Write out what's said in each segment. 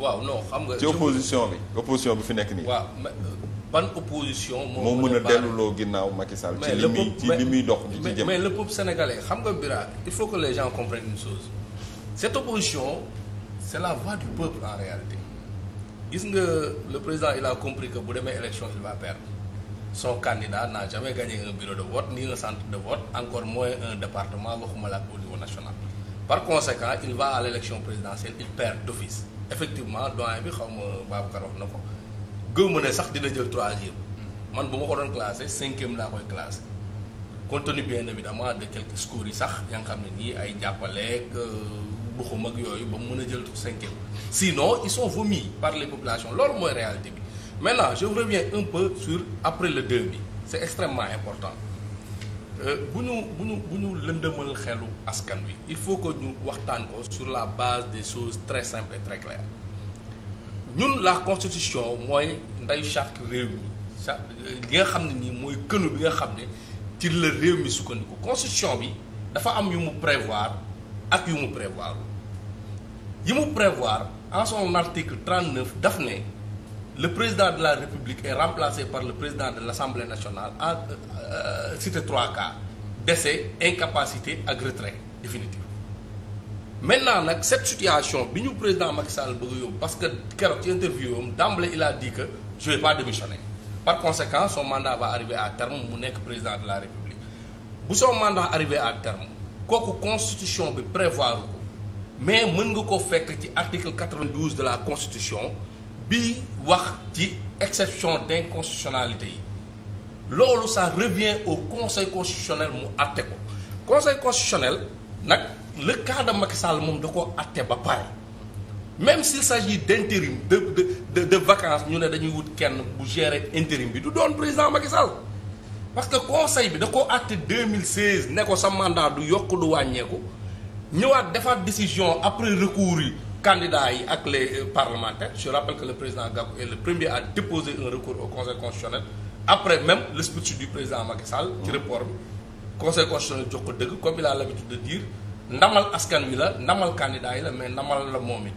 waaw non xam nga. ci opposition bi opposition bi fi nekk nii. waaw ban opposition. moo mën a delluloo ginnaaw Macky ci li muy ci li muy dox. ci jëm mais le peuple sénégalais xam nga Bira il faut que les gens comprennent une chose cette opposition c' la voix du peuple en réalité gis nga le président il a compris que bu demee élection il va perdre son candidat n'a jamais gagné un bureau de vote ni un centre de vote encore moins un département waxuma la au niveau par conséquent il va à l'élection présidentielle il perd d'office effectivement doyen bi xaw ma Babacar wax na ko gëwma ne sax dina jël troisième man bu ma ko doon classé cinquième laa koy classé compte tenu bien évidemment de quelques scores yi sax yaa ngi xam ne nii ay jàppaleeg duxum euh, ak yooyu ba mu mën a jël cinquième sinon ils sont vomis par les populations loolu mooy réalité bi maintenant je reviens un peu sur après le 2 bi c'est extrêmement important Euh, bu ñu bu ñu bu ñu lëndëmal xelu askan bi il faut que ñu waxtaan ko sur la base des chose très simples et très claires ñun la constitution mooy nday charte réew mi euh, li nga xam ne nii mooy kënu bi nga xam ne ci la réew mi sukkandiku constitution bi dafa am yu mu prévoir ak yu mu prévoir yu mu prévoir en son article 39 daf ne le président de la République est remplacé par le président de l'Assemblée nationale en euh, cité trois cas décès incapacité ak retrait définitif maintenant nag cette situation bi ñu président Macky Sall bëgg yóbbu parce que keroog ci interview am d'emblée il a dit que je vais pas démissionner par conséquent son mandat va arriver à terme mu nekk président de la République bu son mandat arrivé à terme kooku constitution bi prévoir ko mais mën nga ko fekk ci article 92 de la constitution bi wax ci exception d'inconstitutionnalité yi loolu ça revient au conseil constitutionnel mu àtte ko conseil constitutionnel nag le cas de Sall moom da ko àtte ba pare même si s'agit d'intérim de de de de vacance ñu ne dañuy wut kenn bu gérer intérim bi du doon président Macky Sall parce que conseil bi da ko àtte 2016 ne ko sa mandat du yokk du wàññeeku ñëwaat defaat décision après recours yi. candidats yi ak les euh, parlementaires je rappelle que le président Gakou est le premier à déposer un recours au conseil constitutionnel après même le speech du président Macky Sall. ci mm-hmm. report bi conseil constitutionnel jox ko dëgg comme il a l'habitude de diir ndamal askan wi la ndamal candidats yi la mais ndamal la moom it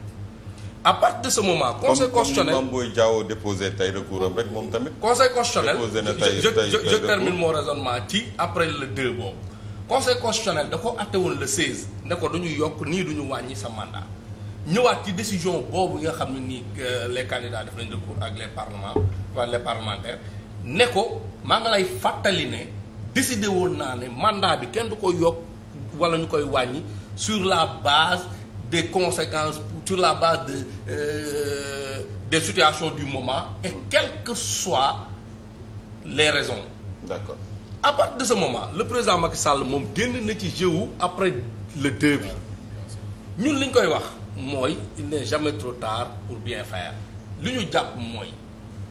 à partir de ce moment. conseil constitutionnel comme comme ni Mame déposé tey recours am rek moom tamit. conseil constitutionnel déposé na je je termine mon raisonnement après le deux boobu. conseil constitutionnel da ko àtte le 16 ne ko du ñu yokk nii du ñu wàññi sa mandat. ñëwaat ci décision boobu nga xam ne nii euh, les candidats def nañ recours ak les parlements wala les parlementaires ne ko maa nga lay fàttali ne décidé woon naa ne mandat bi kenn du ko yokk wala ñu koy wàññi sur la base des conséquence sur la base de euh, des situations du moment et quelles que soient les raisons. d'accord à partir de ce moment le président Macky moom génn na ci jeu après le deux bi. ñun li ñu koy wax mooy il n'est jamais pour bien faire li ñu jàpp mooy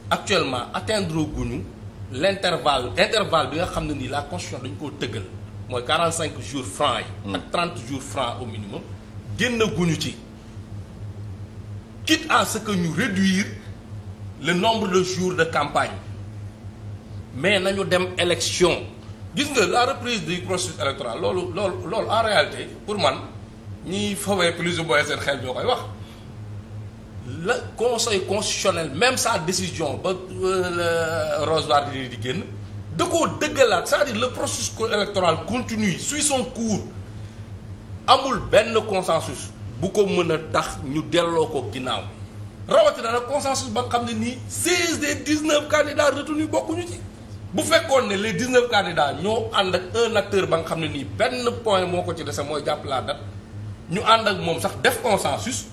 actuellement atteindre guñu l'intervalle intervalle bi nga xam ne nii la constitution dañu koo tëggal mooy 45 jours francs yi. Hmm. ak 30 jours francs au minimum génn ñu ci quitte à que ñu réduire le nombre de jours de campagne mais nañu dem élection gis nga la reprise du processus électoral loolu loolu loolu en réalité pour man. ñiy fawee plus ou moins seen xel ñoo koy wax la conseil constitutionnel même sa décision ba euh, Rose Wardini di génn da ko dëggalaat c'est-à-dire le processus électoral continue suit son cours amul benn consensus bu ko mën a tax ñu delloo ko ginnaaw rawatina nag consensus ba nga xam ne nii seize des dix-neuf candidats retenus bokkuñu ci bu fekkoon ne les dix-neuf candidats ñoo ànd ak un acteur ba nga xam ne nii benn point moo ko ci dese mooy jàpp la date ñu ànd ak moom sax def consensus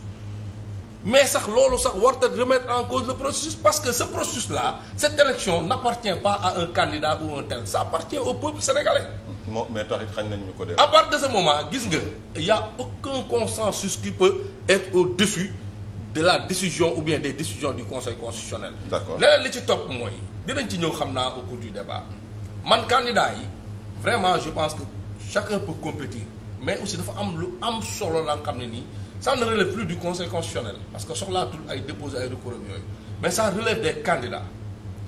mais sax loolu sax warta remettre en cause le processus parce que ce processus là cette élection n'appartient pas à un candidat ou un tel ça appartient au peuple sénégalais. moo mais taxit xañ nañ ñu ko def. à partir de ce moment gis nga y a aucun consensus qui peut être au-dessus de la décision ou bien des décisions du conseil constitutionnel. d'accord leneen li ci top mooy dinañ ci ñëw xam naa ko cours du débat man candidat yi vraiment je pense que chacun peut compétir. mais aussi dafa am lu am solo la nga xam ne nii ça ne relève plus du conseil constitutionnel parce que soxlaatul ay déposer ay recours ak yooyu mais ça relève des candidats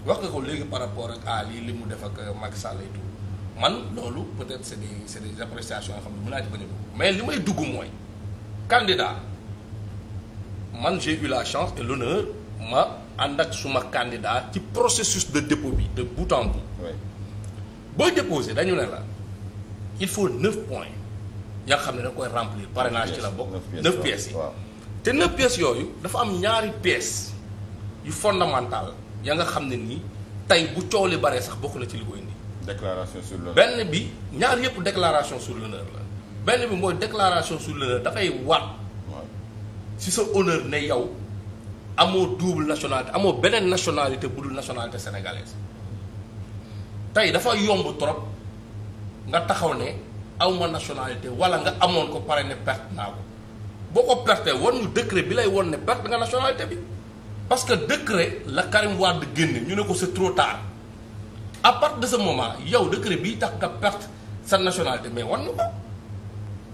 wax nga ko léegi par rapport ak ah lii li mu def ak euh, Macky Sall et tout man loolu peut-être c'est des c'est des appréciations yoo xam ne mën naa ci bañ a mooy candidat man j'ai eu la chance et l'honneur ma ànd ak suma candidat ci processus de dépôt bi de bout en bout. booy déposer dañu ne la il faut neuf points. yaa xam ne da koy remplir parrainage ci la bokk neuf pièces yi te neuf pièces yooyu dafa am ñaari pièces yu fondamental ya nga xam ne nii tey bu coow li baree sax bokk na ci li koy indi benn bi ñaar yëpp déclaration sur l'honneur la benn bi mooy déclaration sur l'honneur dafay waat si sa honneur ne yow amoo double nationalité amoo beneen nationalité bu dul nationalité sénégalaise tey dafa yomb trop nga taxaw ne awma nationalité wala nga amoon ko pare ne perte naa ko boo ko perte war ñu décret bi lay won ne perte nga nationalité bi parce que décret la Karim Wade génne ñu ne ko se trop tard à de ce moment yow décret bii tax nga perte sa nationalité mais war ñu ko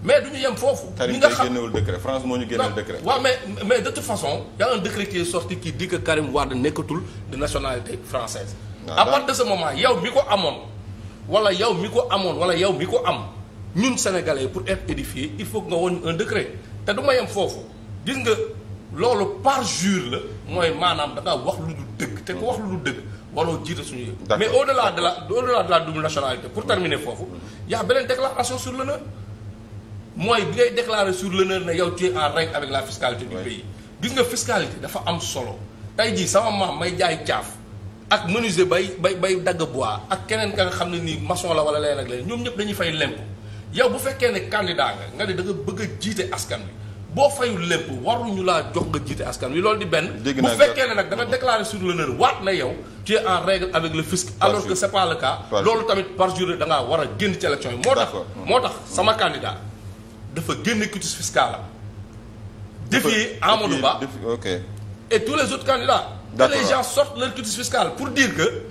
mais du ñu yem foofu. ñi nga xam génnewul décret France moo ñu génneel décret. waa mais mais de toute façon y a un décret qui est sorti qui dit que Karim Wade nekkatul de nationalité française à de ce moment yow mi ko amoon wala yow mi ko amoon wala yow mi ko am. ñun sénégalais pour être édifié il faut que nga woon un décret te du may am foofu gis nga loolu par parjure la mooy maanaam da wax lu du dëgg te ku wax lu du dëgg waroo jiit suñu yëpp mais au delà de la au delà de la double nationalité pour terminer foofu y a beneen déclaration sur l'honneur mooy di ngay déclarer sur l'honneur na yow tu es en règle avec la fiscalité du pays gis nga fiscalité dafa am solo tay jii sama maam may jaay caaf ak menuisier bay bay bay dagg bois ak keneen ka nga xam ne nii maçon la wala leen ak ñoom ñëpp dañuy fay lemp yow bu fekkee ne candidat nga nga ne da bëgg a jiite askan bi boo fayul lépp waruñu laa jox nga jiite askan wi loolu di benn. bu fekkee ne nag da nga déclarer sur l'honneur waat na yow. tu es en règle avec le fisc. alors que c'est pas loolu tamit par da ngaa war a génn ci yi. moo tax moo tax sama candidat dafa génne quitus fiscal am. défier Ba et tous les autres candidats. les gens sortent leur quitus fiscal pour dire que.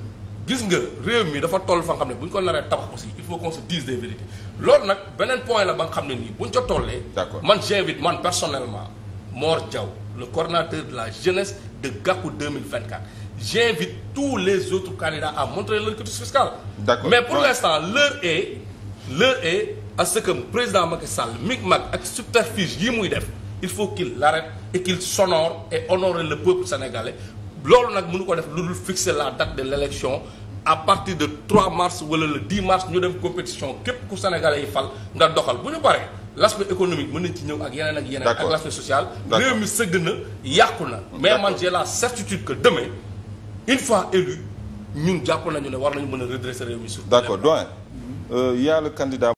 gis nga réew mi dafa toll fa nga xam ne bu ñu ko naree tabax aussi il faut qu'on se dise des vérités loolu nag beneen point la ba nga xam ne nii bu ñu ca tollee. d'accord man j'invite man personnellement Mor Diaw le coordonnateur de la jeunesse de Gakou 2024 j'invite tous les autres candidats à montrer leur quitus d'accord mais pour ouais. l'instant l'heure et l'heure est à ce que président Macky Sall micmac ak subterfuge yi muy def il faut qu'il l'arrête et qu'il s'honore et honore le peuple sénégalais. loolu nag mënu ko def lu dul fixer la date de lelection à partir de 3 mars wala le 10 mars ñu dem compétition képp ku sénégalais yi fal nga doxal bu ñu paree l'aspect économique mun nañ ci ñëw ak yeneen ak yeneen ak l'aspect social réew mi sëgg na yàqu na mais man j'ai la certitude que demain une fois élu ñun jàpp nañu ne war nañu mun a redresser réew mi surtout d'accord doyen yàlla euh, y